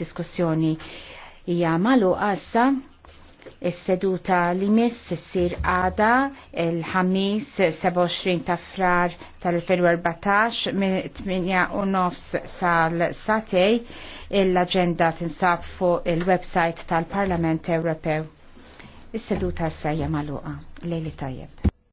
Diskussjoni hija malu għassa Is-seduta li miss issir għada il-ħamis 27 ta' frar tal-2014 minn 8 sal-satej l-agenda tinsab fuq il-website tal-Parlament Ewropew. Is-seduta issa hija magħluqa. Lejli tajjeb.